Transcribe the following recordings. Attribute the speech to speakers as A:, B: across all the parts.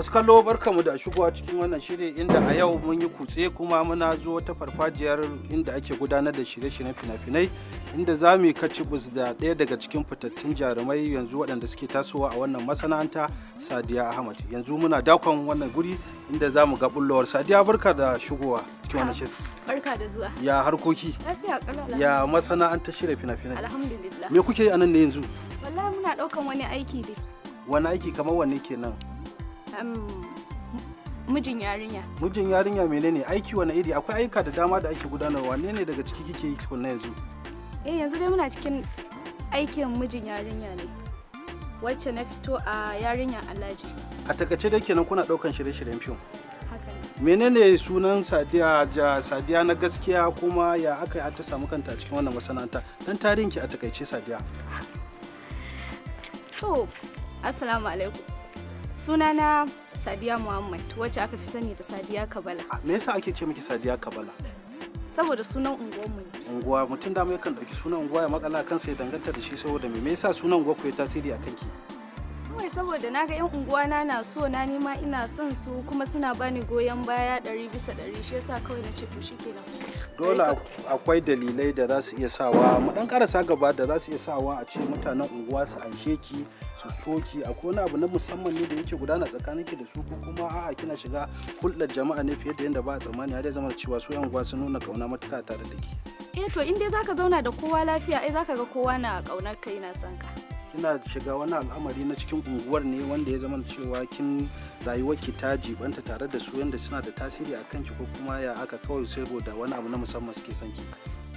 A: masu kallo barkamu da shigowa cikin wannan shiri inda a yau mun yi kutse kuma muna zo ta farfajiyar inda ake gudanar da shirye-shiryen fina-finai inda za mu yi bus da ɗaya daga cikin fitattun jarumai yanzu waɗanda suke tasowa a wannan masana'anta sadiya ahmad yanzu muna dakon wannan guri inda za mu ga bullowar sadiya barka da shigowa cikin wannan shiri
B: barka da zuwa
A: ya harkoki ya masana'anta shirye-shirye fina-finai
B: alhamdulillah me kuke yi a nan ne yanzu wallahi muna ɗaukan wani aiki dai
A: wani aiki kamar wanne kenan
B: mijin yarinya
A: mijin yarinya menene aiki wani iri akwai aika da dama da ake gudanarwa ne ne daga ciki kike yi na yanzu
B: eh yanzu dai muna cikin aikin mijin yarinya ne wacce na fito a yarinya alhaji
A: a takace dai kenan kuna daukan shirye-shiryen fim haka ne menene sunan sadiya ja sadiya na gaskiya kuma ya aka yi ta samu kanta cikin wannan masana'anta dan ki a takaice sadiya
B: to assalamu alaikum sunana sadiya muhammad wacce aka fi sani da sadiya kabala
A: me yasa ake ce miki sadiya kabala
B: saboda sunan unguwarmu ne
A: unguwa mutum da yakan dauki sunan unguwa ya makala kan sai danganta da shi saboda me me yasa sunan unguwa ku ya tasiri a kanki
B: kawai saboda na ga yan unguwa na na so na nima ina son su kuma suna bani goyon baya ɗari bisa ɗari shi yasa kawai na ce to shikenan
A: dole akwai dalilai da za su iya sawa mu dan karasa gaba da za su iya sawa a ce mutanen unguwa su anshe ki su soki akwai wani abu na musamman ne da yake gudana tsakanin ki da su ko kuma a'a kina shiga hulɗar jama'a ne fiye da yadda ba a tsammani har ya zama cewa su yan uwa sun nuna kauna matuka tare da
B: ki eh to in dai zaka zauna da kowa lafiya ai zaka ga kowa na kaunar kai na son ka
A: kina shiga wani al'amari na cikin unguwar ne wanda ya zama cewa kin ki ta jibanta tare da su yadda suna da tasiri a kanki ko kuma ya aka kawai saboda wani abu na musamman suke son ki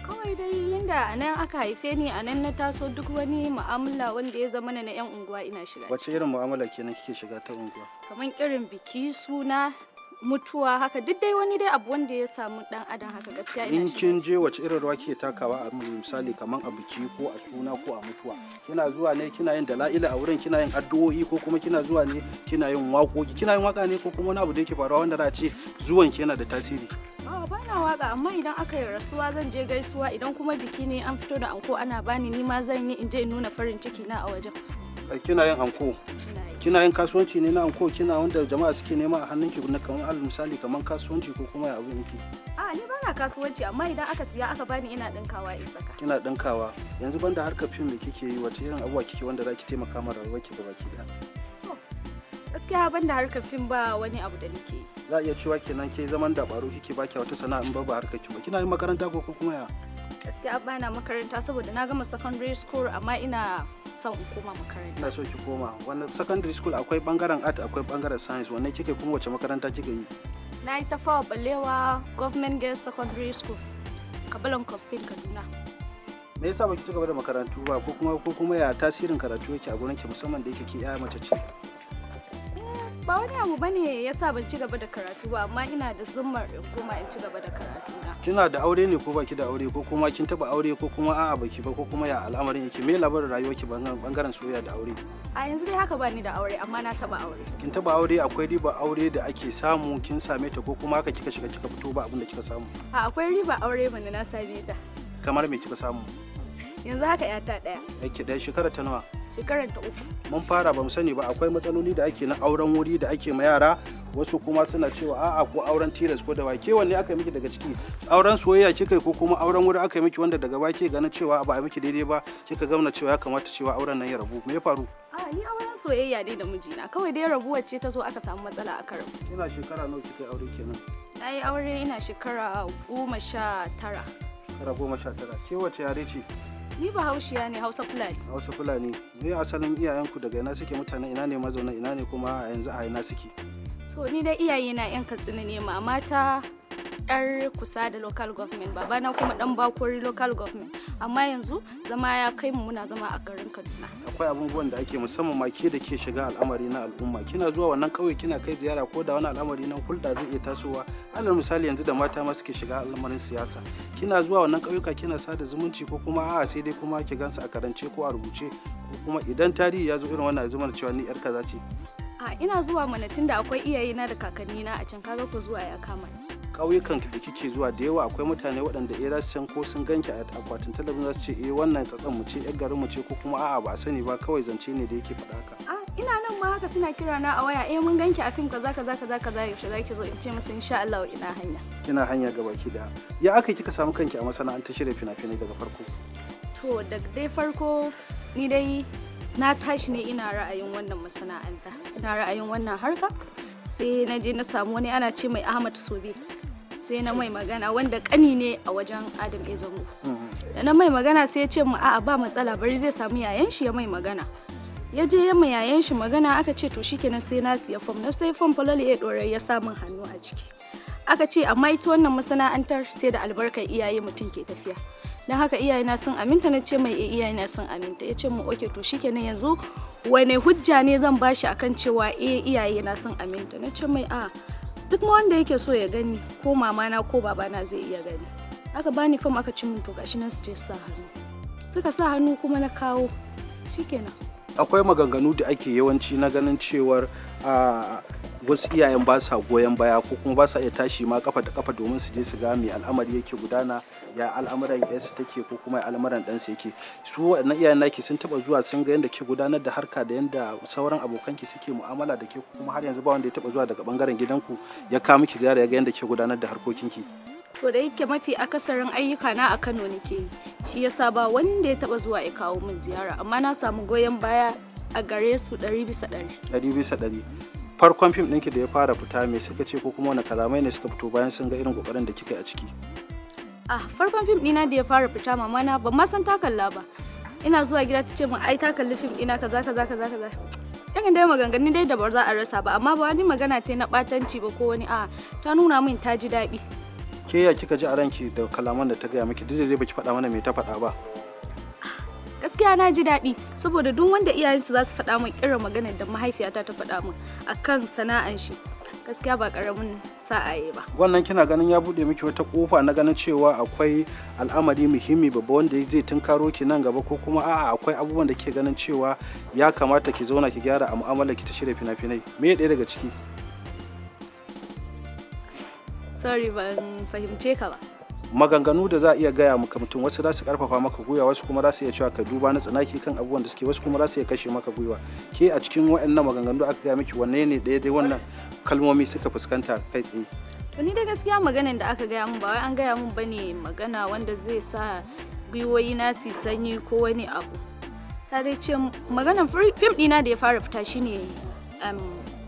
B: kawai dai yanda a nan aka haife ni a nan na taso duk wani mu'amala wanda ya zama na yan unguwa ina shiga
A: wace irin mu'amala kenan kike shiga ta unguwa
B: kamar irin biki suna mutuwa haka duk dai wani dai abu wanda ya samu dan adam haka gaskiya ina in
A: kin je wace irin ruwa kike takawa a misali kaman a biki ko a suna ko a mutuwa kina zuwa ne kina yin dala'ila a wurin kina yin addu'o'i ko kuma kina zuwa ne kina yin waƙoƙi kina yin waka ne ko kuma wani abu da yake faruwa wanda za a ce zuwan ki yana da tasiri
B: ba ah, bana waka amma idan aka yi rasuwa zan je gaisuwa idan kuma biki ne an fito da anko ana bani ni ma zan yi in je in nuna farin ciki na a wajen.
A: Eh, kina yin anko? Kina yin kasuwanci ne na anko kina wanda jama'a suke nema a hannunki na kamar alal misali kamar kasuwanci ko kuma ya abin ki?
B: A ah, ni bana kasuwanci amma idan aka siya aka bani ina dinkawa in saka.
A: Kina dinkawa yanzu banda harkar fim da kike yi wata irin abuwa kike wanda zaki taimaka mara rayuwarki gaba ki daya?
B: gaskiya ban da harkar fim ba wani abu da nake
A: za a iya cewa kenan ke zaman dabaru kike ba ki wata sana'a in ba ba harkar ki ba kina yin makaranta ko kuma ya
B: gaskiya ba na makaranta saboda na gama secondary school amma ina son in koma makaranta
A: ina so ki koma wannan secondary school akwai bangaren art akwai bangaren science wannan kike kuma wace makaranta kike yi
B: na yi ta fawa balewa government girls secondary school kabalan kostin kaduna
A: me yasa baki ci gaba da makarantu ba ko kuma ko kuma ya tasirin karatu yake a gurin ki musamman da yake ki yaya mace ce
B: ba wani abu bane sa ban ci gaba da karatu ba amma ina da zummar in koma in ci gaba da karatu na
A: kina da aure ne ko baki da aure ko kuma kin taba aure ko kuma a'a baki ba ko kuma ya al'amarin yake me labarin rayuwarki bangaren soyayya da aure
B: a yanzu dai haka bani da aure amma na taba aure
A: kin taba aure akwai riba aure da ake samu kin same ta ko kuma haka kika shiga kika fito ba abin da kika samu
B: a akwai riba aure mana na same ta
A: kamar me kika samu
B: yanzu haka yata daya
A: yake daya shekara ta nawa
B: shekarar ta uku
A: mun fara bamu sani ba akwai matsaloli da ake na auren wuri da ake ma yara wasu kuma suna cewa a'a ko auren tilas ko da wake wanne aka yi miki daga ciki auren soyayya kika ko kuma auren wuri aka yi miki wanda daga baki ganin cewa ba a miki daidai ba kika gamna cewa ya kamata cewa auren nan ya rabu me ya faru a
B: ni auren soyayya dai da mijina kawai dai rabuwar ce ta zo aka samu matsala a karam
A: kina shekara nawa kika aure kenan
B: na yi aure ina shekara goma sha tara
A: shekara goma sha tara ke wace yare ce
B: Ni haushiya ne Hausa Fulani.
A: Hausa Fulani. Me asalin iyayenku daga ina suke mutane ina ne mazauna ina ne kuma a yanzu a ina suke?
B: To ni da iyayena yan Katsina ne ma mata. yar kusa da local government babana kuma dan bakori local government amma yanzu zama ya kai mu muna zama a garin kaduna
A: akwai abubuwan da ake musamman ma ke da ke shiga al'amari na al'umma kina zuwa wannan kauye kina kai ziyara ko da wani al'amari na hulɗa zai iya tasowa alal misali yanzu da mata ma suke shiga al'amarin siyasa kina zuwa wannan kauyuka kina sada zumunci ko kuma a'a sai dai kuma ki gansa a karance ko a rubuce ko kuma idan tarihi ya zo irin wannan zumar cewa ni yar kaza ce
B: ina zuwa mana tunda akwai iyayena da kakannina a can kaga ku zuwa ya kama ni
A: ƙauyukan da kike zuwa da yawa akwai mutane waɗanda eh za su ko sun ganki a akwatin talabijin za su ce eh wannan tsatsan mu ce yar garin mu ce ko kuma a'a ba a sani ba kawai zance ne da yake faɗa ka.
B: a ah, ina nan ma haka suna kira na a waya eh mun ganki a fim kaza kaza kaza kaza yaushe za ki zo in ce musu insha Allah ina hanya.
A: kina hanya ga baki da ya aka kika samu kanki a masana'antar shirya fina-finai daga farko.
B: to daga dai farko ni dai na tashi ne ina ra'ayin wannan masana'anta ina ra'ayin wannan harka sai na je na samu wani ana ce mai ahmad sobe sai na mai magana wanda kani ne a wajen adam ya mm-hmm. da na mai magana sai ya ce mu a'a ba matsala bari zai samu yayan shi ya mai magana ya je ya yayan shi magana aka ce to shikenan sai na siya fom na sai fom falali ya dore ya samun hannu a ciki aka ce amma ita wannan masana'antar sai da albarkar iyaye mutum ke tafiya don haka iyaye na sun aminta na ce mai eh, na sun aminta ya ce mu oke to shikenan yanzu wane hujja ne zan bashi akan cewa eh, iyaye na sun aminta na ce mai a duk ma wanda yake so ya gani ko mamana ko babana zai iya gani aka bani fam aka ci mun to gashi nan su sa hannu suka sa hannu kuma na kawo shikenan
A: akwai maganganu da ake yawanci na ganin cewar ah, wasu iyayen ba sa goyon baya ko kuma ba sa iya tashi ma kafa da kafa domin su je su ga me al'amari yake gudana ya al'amuran yarsu take ko kuma al'amuran ɗansa yake su wannan iyayen naki sun taɓa zuwa sun ga yadda ke gudanar da harka da yadda sauran abokan ki suke mu'amala da ke kuma har yanzu ba wanda ya taɓa zuwa daga bangaren gidanku ya kawo miki ziyara ya ga yadda ke gudanar da harkokin ki.
B: to da yake mafi akasarin ayyuka na a Kano nake shi yasa ba wanda ya taba zuwa ya kawo min ziyara amma na samu goyon baya a gare su ɗari bisa ɗari.
A: ɗari bisa farkon fim ɗinki da ya fara fita mai suka ce ko kuma wani kalamai ne suka fito bayan sun ga irin ƙoƙarin da kika a ciki
B: ah farkon fim ɗina da ya fara fita mama na ban ma san ta ba ina zuwa gida ta ce min ai ta kalli fim ɗina kaza kaza kaza kaza irin dai maganganun dai da ba za a rasa ba amma ba wani magana ta na ɓatanci ba ko wani a ah, ta nuna min ta ji daɗi
A: ke ya kika ji a ranki da kalaman da ta gaya miki duk da dai baki faɗa mana me ta faɗa ba
B: gaskiya na ji daɗi saboda duk wanda iyayensu za su faɗa min irin maganar da mahaifiyata ta faɗa min akan sana'an shi gaskiya ba karamin sa'aye ba
A: wannan kina ganin ya bude miki wata kofa na ganin cewa akwai al'amari muhimmi babba wanda zai tunkaro ki nan gaba ko kuma a'a akwai abubuwan da ke ganin cewa ya kamata ki zauna ki gyara a mu'amalar ki ta shirya fina-finai me ɗaya daga ciki
B: sorry ban fahimce ka ba
A: maganganu da za a iya gaya maka mutum wasu za su karfafa maka gwiwa wasu kuma za su iya cewa ka duba na tsanaki kan abubuwan da suke wasu kuma za su iya kashe maka gwiwa ke a cikin waɗannan maganganu aka gaya miki wanne ne daidai wannan kalmomi suka fuskanta kai tsaye
B: to ni da gaskiya maganan da aka gaya min ba wai an gaya min bane magana wanda zai sa gwiwoyi na su sanyi ko wani abu ta dai ce maganan fim ɗina da ya fara fita shine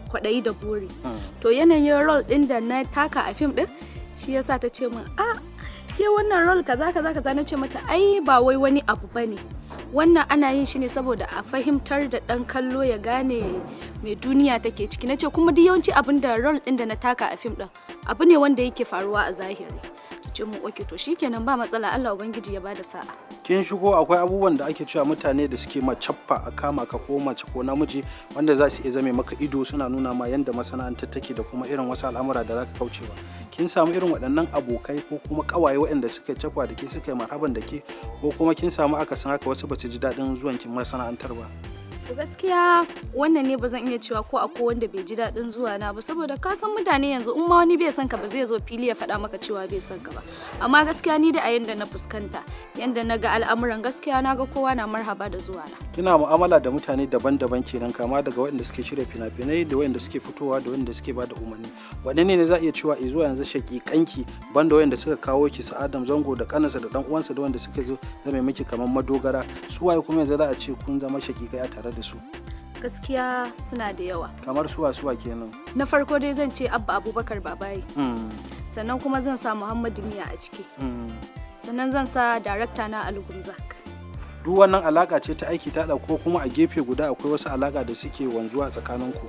B: kwaɗayi da buri hmm. to yanayin rol ɗin da na taka a fim ɗin shi yasa ta ce min a ah, ke wannan rol kaza kaza kaza na ce mata ai ba wai wani abu bane wannan ana yin shi ne saboda a fahimtar da ɗan kallo ya gane mai duniya take ciki na ce kuma duk yawanci abin da rol ɗin da na taka a fim din abu ne wanda yake faruwa a zahiri ce mu oke to shikenan ba matsala Allah ubangiji ya bada sa'a
A: kin shigo akwai abubuwan da ake cewa mutane da suke macaffa a kama ka ko mace ko namiji wanda za su iya zame maka ido suna nuna ma yadda masana'antar take da kuma irin wasu al'amura da za ka kaucewa kin samu irin waɗannan abokai ko kuma ƙawaye waɗanda suka cakwa da ke suka yi marhaban da ke ko kuma kin samu akasin haka wasu ba su ji daɗin zuwan kin masana'antar ba
B: To gaskiya wannan ne ba zan iya cewa ko akwai wanda bai ji daɗin zuwa na ba saboda ka san mutane yanzu in ma wani bai san ka ba zai zo fili ya faɗa maka cewa bai san ka ba. Amma gaskiya ni da a yanda na fuskanta yanda na ga al'amuran gaskiya na ga kowa na marhaba da zuwa na.
A: Kina mu'amala da mutane daban-daban kenan kama daga waɗanda suke shirya fina-finai da waɗanda suke fitowa da waɗanda suke bada umarni. Wanne ne za a iya cewa i zuwa yanzu shaƙiƙanki banda waɗanda suka kawo ki Sa'adam Zango da kanansa da ɗan uwansa da waɗanda suka zama miki kamar madogara su waye kuma yanzu za a ce kun zama shaƙiƙai a tare da su
B: gaskiya suna da yawa
A: kamar suwa suwa kenan
B: na farko dai zan ce abba abubakar babaye hmm. sannan kuma zan sa muhammadu miya a ciki hmm. sannan zan sa darakta na algumzak
A: duk wannan alaka ce ta aiki ta ko kuma a gefe guda akwai wasu alaka da suke wanzuwa tsakaninku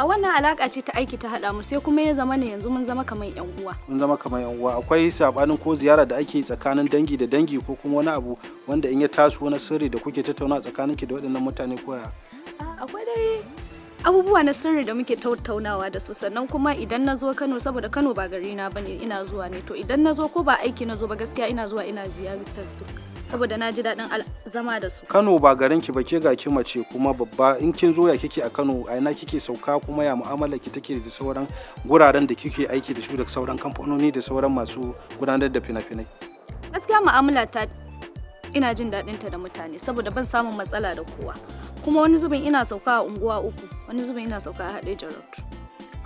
B: a wannan alaka ce ta aiki ta haɗa mu sai kuma ya zama ne yanzu mun zama kamar yan uwa
A: mun zama kamar yan uwa akwai sabanin ko ziyara da ake tsakanin dangi da dangi ko kuma wani abu wanda in ya taso na sirri da kuke tattauna ki da waɗannan mutane koya
B: akwai dai abubuwa na sirri da muke tattaunawa da su sannan kuma idan na kano saboda kano ba gari na bane ina zuwa ne to idan na zo ko ba aiki nazo ba gaskiya ina zuwa ina ziyartar su saboda na ji daɗin zama da su kano
A: ba garin ki ba ke ga ki mace kuma babba in kin zo ya kike a kano a ina kike sauka kuma ya mu'amala ki take da sauran guraren da kike aiki da su da sauran kamfanoni da sauran masu gudanar da fina-finai
B: gaskiya mu'amala ta ina jin daɗin ta da mutane saboda ban samun matsala da kowa kuma wani zubin ina sauka a unguwa uku wani zubin ina sauka a haɗe jarabtu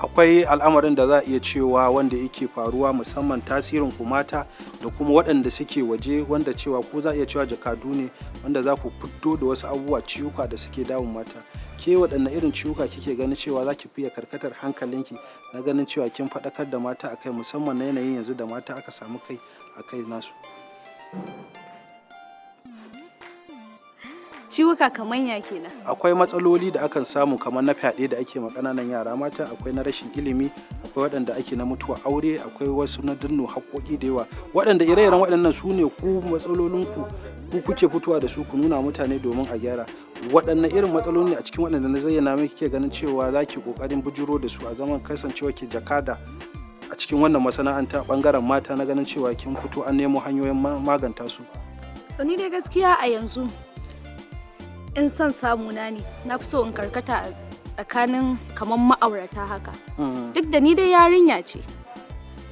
A: akwai al'amarin da za a iya cewa wanda yake faruwa musamman tasirin ku mata da kuma waɗanda suke waje wanda cewa ko za a iya cewa jakadu ne wanda za ku fito da wasu abubuwa ciwuka da suke damun mata ke waɗanne irin ciwuka kike ganin cewa za ki fiye karkatar hankalinki na ganin cewa kin faɗakar da mata akai musamman na yanayin yanzu da mata aka samu kai akai nasu
B: ciwuka kamar ya kenan
A: akwai matsaloli da akan samu kamar na fyaɗe da ake ma kananan yara mata akwai na rashin ilimi akwai waɗanda ake na mutuwa aure akwai wasu na danno haƙoƙi da yawa waɗanda ire-iren waɗannan su ne ku matsalolinku ku kuke fitowa da su ku nuna mutane domin a gyara waɗanne irin matsaloli ne a cikin waɗanda na zayyana miki ke ganin cewa za ki ƙoƙarin bujuro da su a zaman kasancewa ke jakada a cikin wannan masana'anta bangaren mata na ganin cewa kin fito an nemo hanyoyin maganta su.
B: ni dai gaskiya a yanzu in son samu na ne na fi so in karkata tsakanin kamar ma'aurata haka mm-hmm. duk da ni dai yarinya ce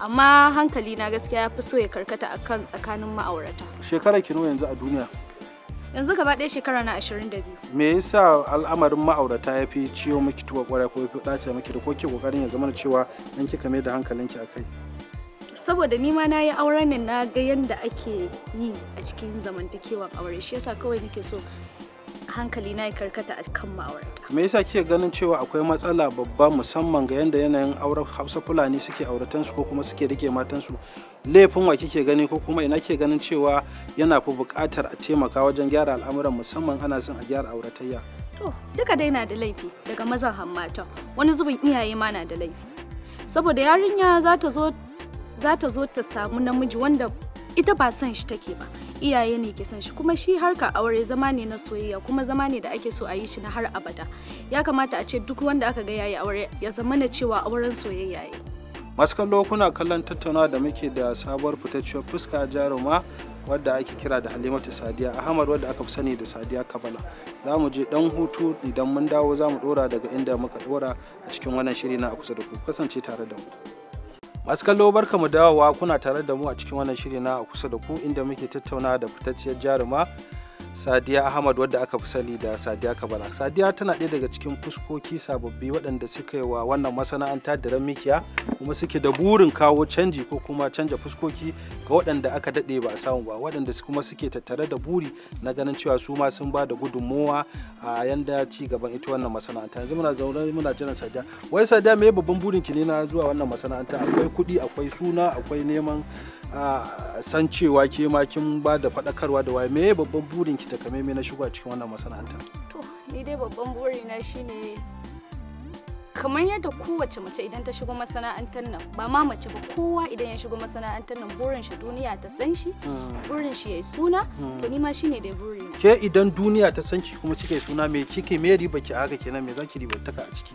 B: amma hankali na gaskiya ya fi so ya karkata akan tsakanin ma'aurata
A: shekara ki nawa yanzu a duniya
B: yanzu gaba ɗaya shekara na 22
A: me yasa al'amarin ma'aurata ya fi ciwo miki tuwa kwarai ko fi ɗace miki da koke kokarin ya zama cewa dan kika mai da hankalinki akai
B: saboda ni ma na yi auren ne na ga yanda ake yi a cikin zamantakewan aure shi yasa kawai nake so hankali na ya karkata a kan ma'aurata.
A: Me yasa kike ganin cewa akwai matsala babba musamman ga yanda yanayin auren Hausa Fulani suke auratan su ko kuma suke rike matansu Laifin wa kike gani ko kuma ina kike ganin cewa yana fi buƙatar a taimaka wajen gyara al'amuran musamman ana son a gyara auratayya?
B: To, duka dai na da laifi daga mazan hammata. Wani zubin iyaye ma na da laifi. Saboda yarinya za ta zo za ta zo ta samu namiji wanda ita ba son shi take ba. iyaye ne ke son shi kuma shi harka aure zama ne na soyayya kuma zama ne da ake so a yi shi na har abada ya kamata a ce duk wanda aka ga yayi aure ya zama na cewa auren soyayya ne
A: masu kallo kuna kallon tattaunawa da muke da sabuwar fitacciyar fuska jaruma wadda ake kira da halimatu sadiya ahmad wadda aka fi sani da sadiya kabala za mu je dan hutu idan mun dawo za mu dora daga inda muka dora a cikin wannan shiri na kusa da ku kasance tare da mu askar barka mu dawowa kuna tare da mu a cikin wannan shiri na kusa da ku inda muke tattauna da fitacciyar jaruma sadiya ahmad wadda aka fi sani da sadiya kabala sadiya tana ɗaya daga cikin fuskoki sababbi waɗanda suka yi wa wannan masana'anta da mikiya kuma suke da burin kawo canji ko kuma canja fuskoki ga waɗanda aka daɗe ba a samu ba waɗanda kuma suke tattare da buri na ganin cewa su ma sun ba da gudunmowa a yanda ci gaban ita wannan masana'anta yanzu muna zaune muna jiran sadiya wai sadiya me babban burin ki ne na zuwa wannan masana'anta akwai kuɗi akwai suna akwai neman A san cewa ke ma kin ba da faɗakarwa da waye me babban burin ki takamaimai na shigo a cikin wannan masana'anta
B: to ni dai babban na shine kamar yadda kowace mace idan ta shigo masana'antar nan ba ma mace ba kowa idan ya shigo masana'antar nan burin shi duniya ta san shi hmm. burin shi yayi suna to hmm. ni ma shine dai burin
A: ke idan duniya ta san ki kuma kike suna me kike me riba ki haka kenan me zaki riba taka a ciki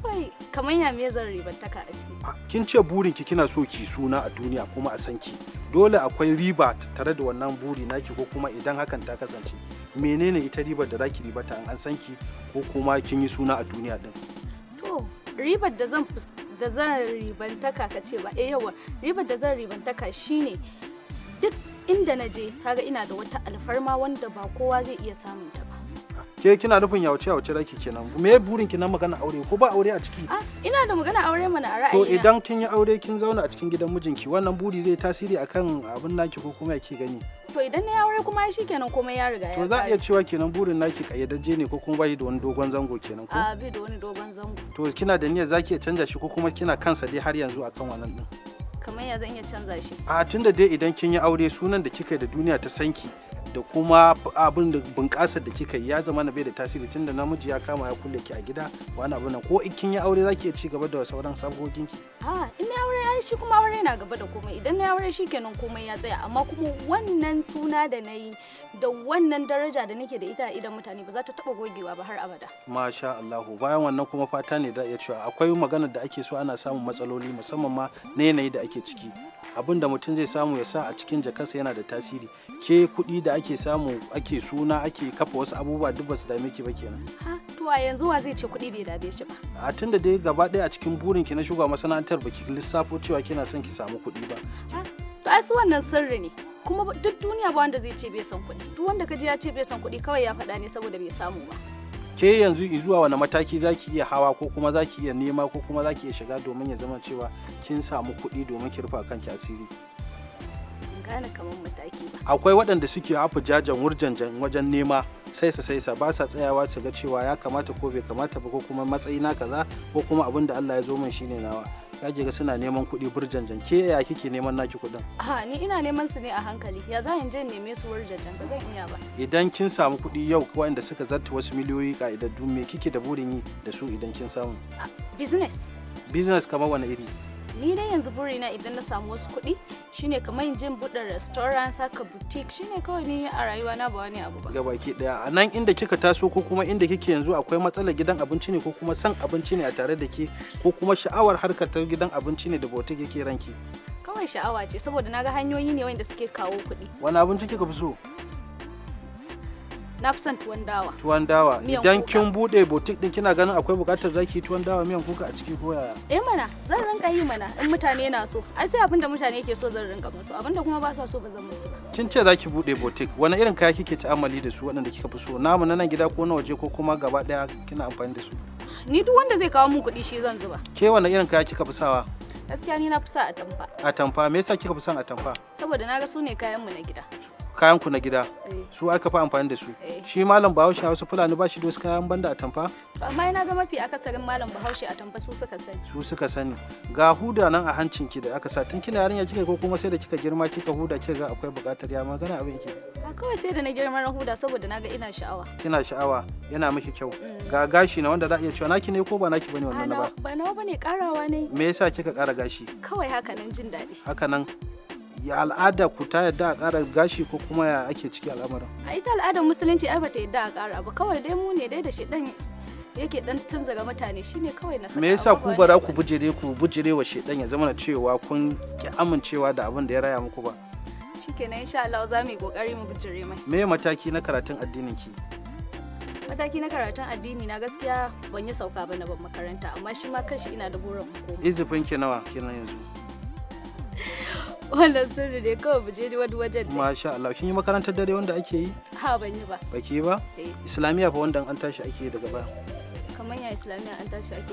B: akwai kamar ya me zan ribantaka a ciki ah,
A: kin ce burin ki kina so ki suna a duniya kuma a san ki dole akwai riba tare da wannan buri naki ko kuma idan hakan ta kasance menene ita ribar da zaki ribata an san ki ko kuma kin yi suna a duniya din
B: to ribar da zan da zan ribantaka ka ce ba eh yawa ribar da zan ribantaka shine duk inda naje je kaga ina da wata alfarma wanda ba kowa zai iya samun ta ba
A: ke kina nufin yauce yauce raki kenan me burin ki na magana aure ko ba aure a ciki ah
B: ina da magana aure mana a ra'ayi to idan
A: kin yi aure kin zauna a cikin gidan mijinki wannan buri zai tasiri akan abin naki ko kuma ki gani
B: to idan na aure kuma shi kenan komai ya riga ya to za
A: a iya cewa kenan burin naki kayyadajje ne ko kuma bai da wani dogon zango kenan ko a
B: ah, bai da wani dogon zango
A: to kina da niyyar zaki iya canja shi ko kuma kina kansa dai har yanzu akan wannan din
B: kamar ya zan iya canza shi
A: a ah, tunda dai idan kin yi aure sunan da kika da duniya ta sanki da kuma abin da bunƙasar da kika yi ya zama na bai da tasiri tun da namiji ya kama ya kulle ki a gida wani abu nan ko kin yi aure zaki iya ci gaba da sauran sabgogin ki
B: ah, ina aure ai shi kuma aure na gaba da komai idan na aure shi kenan komai ya tsaya amma kuma wannan suna da nayi da wannan daraja da nake da ita idan mutane ba za ta taba gogewa ba har abada
A: masha Allah bayan wannan kuma fata ne da ya cewa akwai magana da ake so ana samun matsaloli musamman ma na yanayi da ake ciki abin da mutum zai samu ya sa a cikin jakarsa yana da tasiri ke kuɗi da ake samu ake suna ake kafa wasu abubuwa duk ba su dame ki ba kenan
B: to a yanzu wa zai ce kuɗi bai dame shi ba
A: a da dai gaba ɗaya a cikin burin ki na shuga masana'antar ba ki lissafo cewa kina son ki samu kuɗi ba.
B: To ah, ai su wannan sirri ne. Kuma duk duniya ba wanda zai ce bai son kuɗi. Duk wanda kaji ya ce bai son kuɗi kawai ya faɗa ne saboda bai samu ba.
A: Ke yanzu zuwa wani mataki zaki iya hawa ko kuma zaki iya nema ko kuma zaki iya shiga domin ya zama cewa kin samu kuɗi domin ki rufa kanki asiri.
B: gane kamar mataki ba.
A: Akwai waɗanda suke hafi jajan wurjanjan wajen nema sai saisa ba sa tsayawa su ga cewa ya kamata ko bai kamata ba ko kuma matsayi na kaza ko kuma abin da Allah ya zo min shine nawa. ya je ga suna neman kuɗi burjanjan ke ya kike neman naki kuɗin
B: a ni ina neman su ne a hankali ya za in je neme su burjanjan ba zan iya ba
A: idan kin samu kuɗi yau ko waɗanda suka zarta wasu miliyoyi ka'idaddu me kike da burin yi da su idan kin samu business business kamar wani iri
B: ni dai yanzu burina idan na samu wasu kuɗi shine kamar in jin buɗe restaurant saka boutique shine kawai ni a rayuwa na ba wani abu ba
A: baki daya a nan inda kika taso ko kuma inda kike yanzu akwai matsalar gidan abinci ne ko kuma san abinci ne a tare da ke ko kuma sha'awar harkar ta gidan abinci ne da boutique yake ranki
B: kawai sha'awa ce saboda naga hanyoyi ne wanda suke kawo kuɗi
A: wani abinci kika fi so
B: na fi son tuwon dawa
A: tuwon dawa idan kin bude butik din kina ganin akwai bukatar zaki tuwon dawa miyan kuka a ciki ko yaya
B: eh mana zan rinka yi mana in mutane na so ai sai abinda mutane ke so zan rinka musu abinda kuma ba sa so ba zan musu ba
A: kin ce zaki bude butik wani irin kaya kike ta'amali da su waɗanda kika fi so namu na nan gida ko na waje ko kuma gaba daya kina amfani da su
B: ni duk wanda zai kawo min kuɗi shi zan zuba
A: ke wani irin kaya kika fi sawa
B: gaskiya ni na fi sa atamfa
A: atamfa me yasa kika fi son atamfa
B: saboda na ga su ne kayan mu na gida
A: kayanku na gida eh. su aka fi amfani da su eh. shi malam bahaushe hausa fulani ba shi da wasu kayan banda a tamfa
B: amma yana ga mafi akasarin malam bahaushe a tamfa su suka sani
A: su suka sani ga huda nan a hancin ki da aka sa tun kina yarinya kika ko kuma sai da kika girma kika huda kika ga akwai buƙatar ya magana abin ki
B: ba kawai sai da na girma na huda saboda naga ina sha'awa
A: kina sha'awa yana miki kyau mm. ga gashi na wanda za a iya cewa naki ne ko ba naki bane wannan ba
B: ba nawa bane karawa ne
A: me yasa kika kara gashi
B: kawai haka nan jin daɗi
A: haka nan ya al'ada ku ta yadda a ƙara gashi ko kuma ya ake ciki al'amarin
B: a ita al'adar musulunci ai bata yadda a ƙara ba kawai dai mu ne dai da shi dan yake dan tunzaga mutane shine kawai na saka me yasa ku ba za ku
A: bujire ku bujire wa shedan ya zama cewa kun ki amincewa da abin da ya raya muku ba
B: shikenan insha Allah za mu yi kokari mu bujire mai
A: me mataki na karatun addinin ki
B: mataki na karatun addini na gaskiya ban yi sauka ba na ban makaranta amma shi ma kanshi ina da burin
A: koma izifin ki nawa kenan yanzu
B: wannan sirri ne kawai buje je wani wajen ne
A: masha Allah kin yi makarantar dare wanda ake yi ha ban yi ba baki ba eh. Islamiyya fa wanda an tashi ake daga baya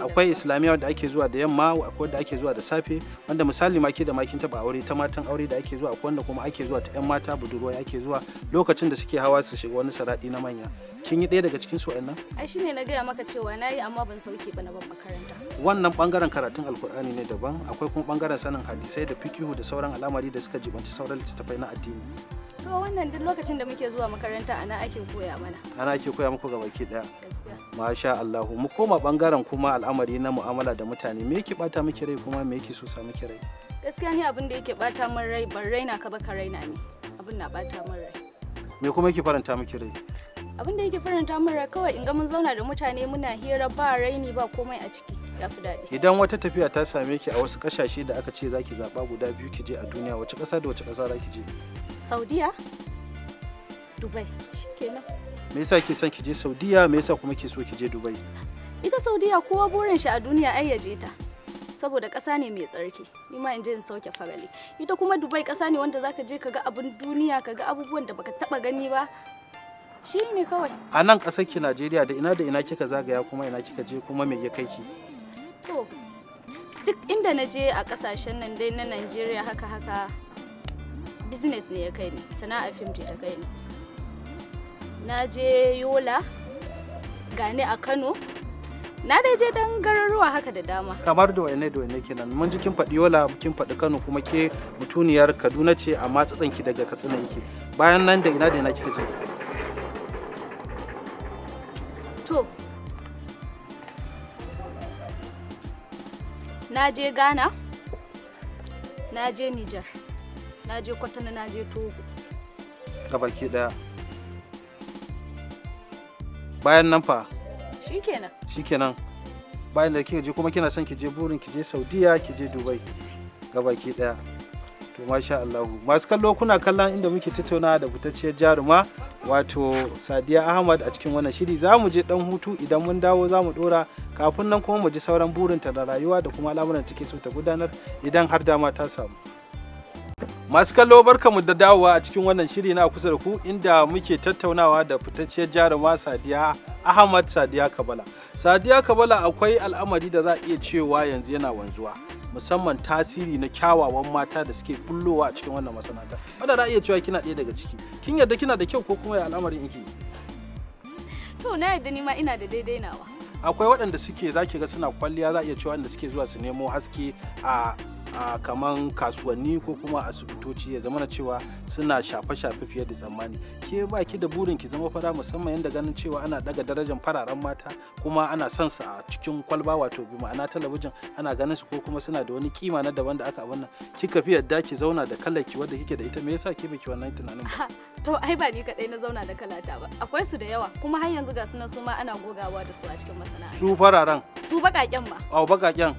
A: akwai islamiyya da ake zuwa da yamma akwai da ake zuwa da safe wanda misali ma ke da makin taba aure ta matan aure da ake zuwa akwai wanda kuma ake zuwa ta yan mata budurwa ake zuwa lokacin da suke hawa su shiga wani saradi na manya kin yi ɗaya daga cikin su wa'annan
B: ai shine na gaya maka cewa na yi amma ban sauke ba na ban makaranta
A: wannan bangaren karatun alkur'ani ne daban akwai kuma bangaren sanin hadisai da fikihu da sauran al'amari da suka jibanci sauran littattafai na addini
B: to wannan duk lokacin da muke zuwa makaranta ana ake koya mana
A: ana ake koya muku ga baki daya masha Allah mu koma bangaren kuma al'amari na mu'amala da mutane me yake bata miki rai kuma me yake so sa miki
B: rai gaskiya ni abin da yake bata min rai ban raina ka ba ka raina ni abin na bata min rai
A: me kuma yake faranta miki rai
B: abin da yake faranta min rai kawai in ga mun zauna da mutane muna hira ba raini ba komai a ciki yafi daɗi
A: idan wata tafiya ta same ki a wasu ƙasashe da aka ce za ki zaɓa guda biyu ki je a duniya wace ƙasa da wace ƙasa ki je
B: Saudiya? Dubai. Shikenan.
A: Me yasa ke son ki je Saudiya? Me yasa kuma ke so ki je Dubai?
B: Ita Saudiya kowa burin shi a duniya ai ya je ta. Saboda ƙasa ne mai tsarki. Ni ma in je in sauke farali. Ita kuma Dubai ƙasa ne wanda zaka je ka ga abin duniya, ka ga abubuwan da baka taba gani ba. Shi ne kawai.
A: A nan ƙasar ki Najeriya da ina da ina kika zagaya kuma ina kika je kuma me ya kai ki?
B: To, duk inda na je a ƙasashen nan dai na Najeriya haka haka business ne ya kai ni sana'ar fim ta kai ni na je yola gane a kano na dai je dan garuruwa haka da dama
A: kamar da wayanne da wayanne kenan mun ji kin faɗi yola kin faɗi kano kuma ke mutuniyar kaduna ce amma ki daga katsina yake bayan nan da ina da ina kika je
B: to na je ghana na je niger na je kwatana na je togo
A: gabaki daya bayan nan fa shikenan shikenan bayan da kika je kuma kina son ki je burin ki je saudiya ki je dubai gabaki daya to masha Allah masu kallo kuna kallon inda muke tattauna da fitacciyar jaruma wato sadiya ahmad a cikin wannan shiri za mu je dan hutu idan mun dawo za mu dora kafin nan kuma mu ji sauran burinta da rayuwa da kuma al'amuran da take so ta gudanar idan har dama ta samu masu kallo mu da dawowa a cikin wannan shiri na kusa da ku inda muke tattaunawa da fitacciyar jaruma sadiya ahmad sadiya kabala sadiya kabala akwai al'amari da za a iya cewa yanzu yana wanzuwa musamman tasiri na kyawawan mata da suke kullowa a cikin wannan masana'anta wanda na iya cewa kina ɗaya daga ciki kin yadda kina da kyau ko kuma ya al'amarin yake
B: to na yadda ni ma ina da daidai nawa
A: akwai waɗanda suke zaki ga suna kwalliya za a iya cewa wanda suke zuwa su nemo haske a a kaman kasuwanni ko kuma asibitoci ya zama cewa suna shafe-shafe fiye da tsammani ke ba ki da burin ki zama fara musamman yadda ganin cewa ana daga darajar fararen mata kuma ana son su a cikin kwalba wato bi ma'ana talabijin ana ganin su ko kuma suna da wani kima na daban da aka abin nan kika fi yadda ki zauna da kalar ki wadda kike da ita me yasa ki biki wannan tunanin
B: ba to ai ba ni kadai na zauna da kalata ba akwai su da yawa kuma har yanzu ga su su ma ana gogawa da su a cikin masana'anta
A: su fararen
B: su bakaken ma
A: au bakaken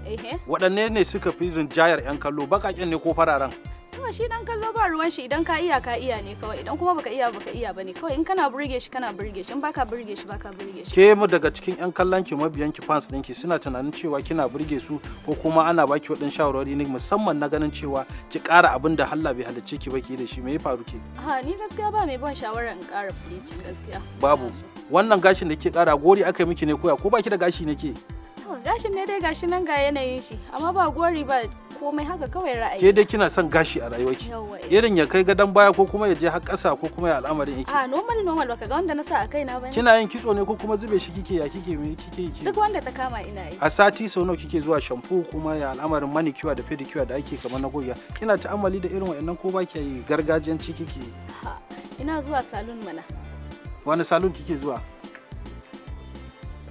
A: waɗanne ne suka fi rinjayar yan kallo bakaken ne ko fararen
B: kuma shi dan kallo ba ruwan shi idan ka iya ka iya ne kawai idan kuma baka iya baka iya bane kawai in kana burge shi kana burge shi in baka burge shi baka burge shi
A: ke mu daga cikin yan kallon ki mabiyan ki fans ɗinki suna tunanin cewa kina burge su ko kuma ana baki wadannan shawarwari ne musamman na ganin cewa ki ƙara abin da Allah bai halicce ki baki da shi me ya faru ke
B: ha ni gaskiya ba mai ban shawara in ƙara bleaching gaskiya
A: babu wannan gashin da ke ƙara gori aka yi miki ne koya ko baki da gashi nake ke
B: gashin ne dai gashi nan ga yanayin shi amma ba gori ba komai haka kawai ra'ayi ke
A: dai kina son gashi a rayuwarki eh. irin ya kai gadon baya ko kuma ya je har kasa ko kuma ya al'amarin yake a
B: ah, normal normal baka ga wanda na sa a kaina bane kina yin
A: kitso ne ko kuma zube shi kike ya kike me kike yi. duk
B: wanda ta kama ina yi a
A: sati sau nawa kike zuwa shampoo kuma ya al'amarin manicure da pedicure da ake kamar na goya kina ta'ammali da irin wa'annan ko ba ki yi gargajiyanci kike
B: ina zuwa salon mana
A: wani salon kike zuwa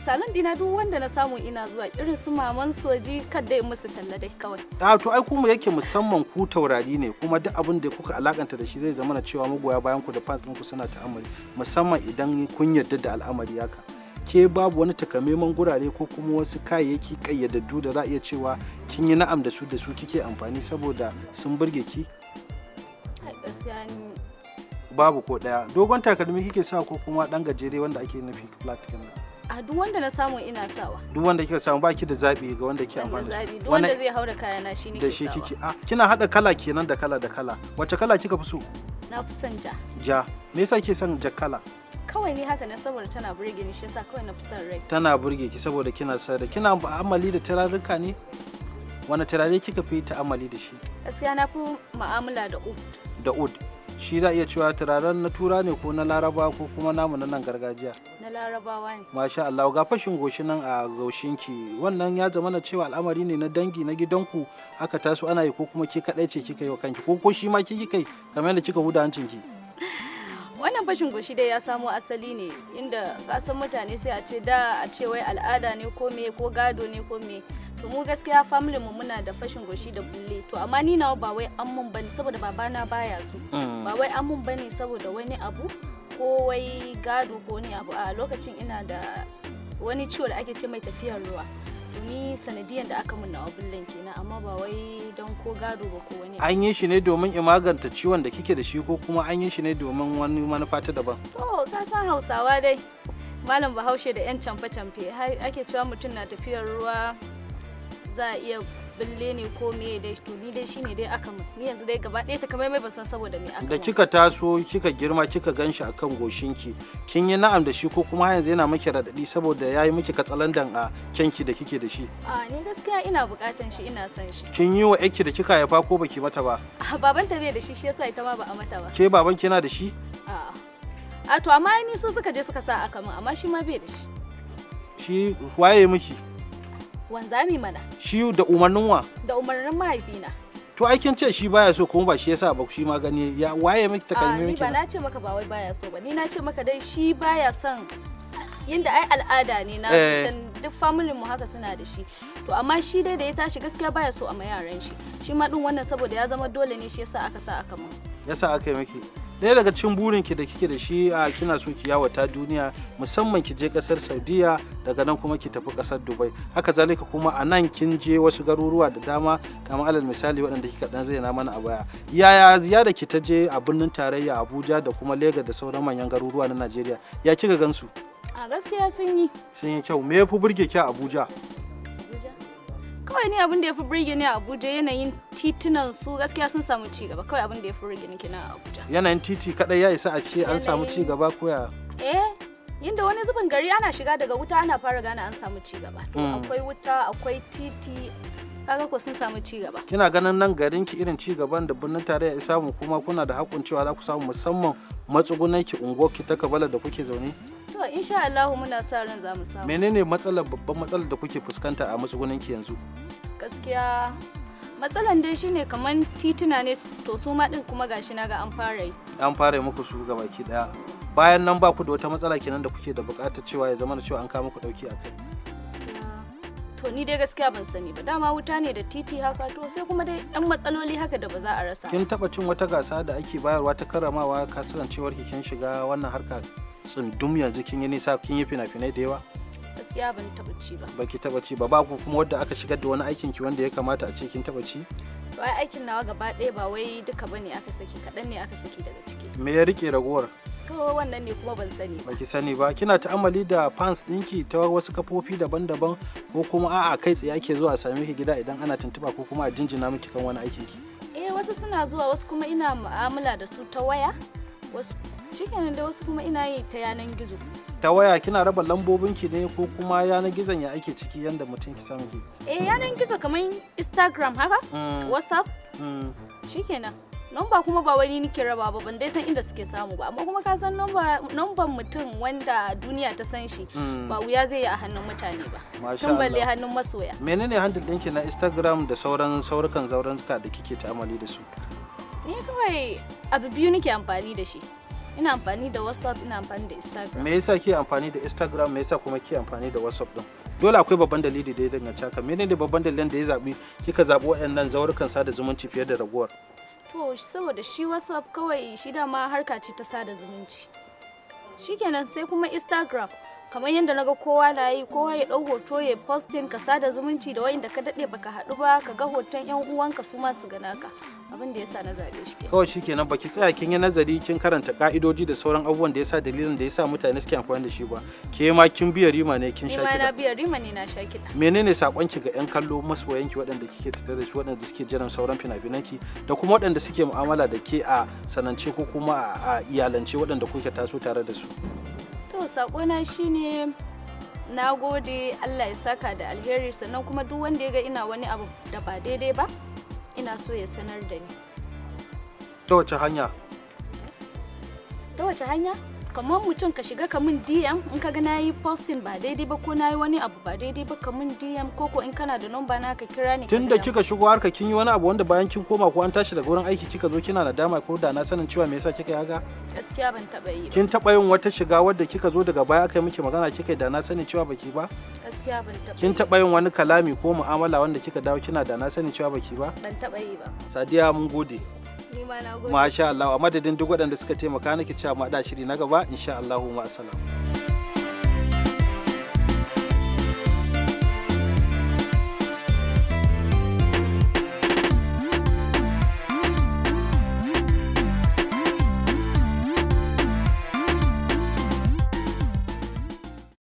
B: salon dina duk wanda na samu ina zuwa irin su maman soji kadda in musu talla dai kawai
A: a ah, to ai kuma yake musamman ku taurari ne kuma duk abin da kuka alakanta da shi zai zama na cewa magoya bayan ku da fans ɗinku suna ta'amari musamman idan kun yarda da al'amari haka ke babu wani takamaiman gurare ko kuma wasu kayayyaki kayyadaddu da za a iya cewa kin yi na'am da su da su kike amfani saboda sun burge ki babu ko daya dogon takalmi kike sa ko kuma dan gajere wanda ake nufi flat kenan
B: A ah, duk wanda na samu ina sawa.
A: Duk wanda kika samu baki da zabi ga wanda ke amfani. Zabi duk wanda zai
B: haura kaya na shi ne Da shi kike.
A: Ah, kina hada kala kenan da kala da kala. Wace kala kika fi so?
B: Na fi son ja.
A: Ja. Me yasa kike son ja kala?
B: Kawai ni haka na saboda tana burge ni shi yasa kawai na fi son rai.
A: Tana burge ki saboda kina sa da kina amali da turaruka ne? Wani turare kika fi ta amali da shi?
B: Gaskiya na fi mu'amala da ud.
A: Da ud. shi za iya cewa turaren na tura ne ko na laraba ko kuma namu na nan gargajiya
B: na larabawa ne
A: masha Allah ga fashin goshi nan a gaushinki wannan ya zama na cewa al'amari ne na dangi na gidanku aka taso ana yi ko kuma ke kadai ce kika yi wa kanki ko ko shi ma kiki kai kamar da kika huda hancin ki
B: wannan fashin goshi dai ya samo asali ne inda kasan mutane sai a ce da a ce wai al'ada ne ko me ko gado ne ko me to mu gaskiya family mu muna da fashin goshi da bulle to amma ni nawa ba wai an mun bane saboda babana baya so mm. ba wai an mun bane saboda wani abu ko wai gado ko wani abu a lokacin ina da wani ciwo da ake ce mai tafiyar ruwa to ni sanadiyan da aka mun nawa bullen kenan amma ba wai don ko gado ba ko wani
A: an yi shi ne domin in maganta ciwon da kike da shi ko kuma an yi shi ne domin wani manufa ta daban
B: to ka san hausawa dai malam bahaushe da yan camfe canfe ake cewa mutum na tafiyar ruwa za a iya bille ne ko me dai to ni dai shine dai aka mu ni yanzu dai gaba ɗaya ta kamar mai ban san saboda me aka da kika
A: taso kika girma kika ganshi akan goshinki kin yi na'am da shi ko kuma yanzu yana miki radadi saboda yayi miki katsalandan a kyanki da kike da shi
B: a ni gaskiya ina bukatan shi ina son shi
A: kin yi wa yarki da kika haifa ko baki mata ba
B: baban ta bai da shi shi yasa ita ma ba a mata ba
A: ke baban kina da shi
B: a a to amma ni so suka je suka sa aka mu amma shi ma bai da shi
A: shi waye miki
B: Wanzami mana.
A: Shi da umarnin wa?
B: Da umarnin mahaifina.
A: To ai kin ce shi baya so kuma ba shi yasa ba shi ma gani ya waye miki takalmi miki. ba
B: na ce maka ba wai baya so ba. Ni na ce maka dai shi baya son yanda ai al'ada ne na eh. can duk familin mu haka suna da shi. To amma shi dai da ya tashi gaskiya baya so a ma yaran shi. Shi ma din wannan saboda ya zama dole ne shi yasa aka sa aka mun.
A: Yasa aka yi miki. daya daga cikin burin ki da kike da shi a kina so ki yawata duniya musamman ki je kasar saudiya daga nan kuma ki tafi kasar dubai haka zalika kuma a nan kin je wasu garuruwa da dama kamar alal misali waɗanda kika dan na mana a baya yaya ziyara ki ta je a birnin tarayya abuja da kuma lagos da sauran manyan garuruwa na najeriya ya kika gansu
B: a gaskiya sun yi
A: sun yi kyau me ya fi burge ki a abuja
B: kawai ne abin da ya fi birge ni a abuja yanayin titunan su gaskiya sun samu ci gaba kawai abin da ya fi burge ni kenan a abuja
A: yanayin titi kadai ya isa a ce an samu ci gaba ko ya
B: eh yinda wani zubin gari ana shiga daga wuta ana fara gane an samu ci gaba to hmm. akwai wuta akwai titi kaga ko sun samu ci gaba
A: kina ganin nan garin ki irin ci gaban da birnin tarayya ya samu kuma kuna da hakun cewa za ku samu musamman matsugunan ki unguwar ki ta kabala da kuke zaune
B: To insha Allah muna sa ran za mu samu.
A: Menene matsalar babban matsalar da kuke fuskanta a matsugunan ki yanzu?
B: Gaskiya matsalan dai shine kaman tituna ne to su ma din kuma gashi na ga an fara yi.
A: An fara muku su ga baki daya. Bayan nan ba ku da wata matsala kenan da kuke da bukatar cewa ya zama da cewa an kawo ku dauki akai.
B: To ni dai gaskiya ban sani ba dama wuta ne da titi haka to sai kuma dai yan matsaloli haka da ba za a rasa. Kin
A: taba cin wata gasa da ake bayarwa ta karramawa kasancewar kin shiga wannan harka tsundum yanzu kin yi nisa kin yi fina-finai da yawa
B: gaskiya ban taba ci ba
A: baki taba ci ba ba ku kuma wadda aka shigar da wani aikin ki wanda ya kamata a ce kin taba ci
B: to ai aikin nawa gaba ɗaya ba wai duka bane aka saki kaɗan ne aka saki daga ciki
A: me ya rike ragowar
B: to wannan ne kuma ban sani ba ki
A: sani ba kina ta'amali da fans ɗinki ta wasu kafofi daban-daban ko kuma a'a kai tsaye ake zuwa a same ki gida idan ana tuntuɓa ko kuma a jinjina miki kan wani aikin
B: ki eh wasu suna zuwa wasu kuma ina mu'amala da su ta waya wasu shikenan da wasu kuma ina yi ta yanan gizo
A: ta waya kina raba lambobin ki ne ko kuma yanan gizon ya ake ciki yanda mutum ki samu ki
B: eh yanan gizo kamar instagram haka mm. whatsapp mm. shikenan Nomba kuma ba wani nike raba ba ban dai san inda suke samu ba amma kuma ka san nomban mutum wanda duniya ta san shi mm. ba wuya zai yi a hannun mutane ba tun balle hannun masoya
A: menene handle ɗinki na instagram da sauran saurukan zauren da kike ta'amali da su
B: ni kawai abu biyu nake amfani da shi ina amfani da whatsapp ina amfani da instagram
A: me yasa ke amfani da instagram me yasa kuma ke amfani da whatsapp din dole akwai babban dalili da ya danganci haka ne babban dalilin da ya zabi kika zabi waɗannan zaurukan sada zumunci fiye da raguwar
B: to saboda shi whatsapp kawai shi ma harka ce ta sada zumunci shikenan sai kuma instagram kamar yadda na ga kowa na yi kowa ya ɗau hoto ya postin ka sada zumunci da wayanda ka daɗe baka haɗu ba ka ga hoton yan uwanka su ma su gana ka abin da yasa na zaɓe shi ke.
A: kawai shikenan baki tsaya kin yi nazari kin karanta ka'idoji da sauran abubuwan da yasa dalilin da yasa mutane suke amfani da shi ba ke ma kin biya rima ne kin sha kiɗa
B: na biya rima ne na sha kiɗa
A: menene ki ga yan kallo ki waɗanda kike tattare da su waɗanda suke jiran sauran fina ki da kuma waɗanda suke mu'amala da ke a sanance ko kuma a iyalance waɗanda kuke taso tare da su
B: to sakona shine na gode allah ya saka da alheri sannan kuma duk wanda ya ga ina wani abu da ba daidai ba ina so ya sanar da ni ta wace hanya ta wace hanya kamar mutum ka shiga ka min dm in ka ga na yi posting ba daidai ba ko na yi wani abu ba daidai ba ka min dm ko ko in kana da number na ka kira ni tunda kika
A: shigo harka kin yi wani abu wanda bayan kin koma ko an tashi daga wurin aiki kika zo kina nadama ko da na sanin cewa me yasa kika yaga.
B: gaskiya ban taba yi kin
A: taba yin wata shiga wadda kika zo daga baya aka yi miki magana kika da na sanin cewa baki ba
B: gaskiya ban taba kin taba
A: yin wani kalami ko mu'amala wanda kika dawo kina da na sanin cewa baki ba
B: ban taba yi ba
A: sadiya mun gode Masha Allah, a madadin duk waɗanda suka taimaka nake cewa ma shiri na gaba, insha Allah, ma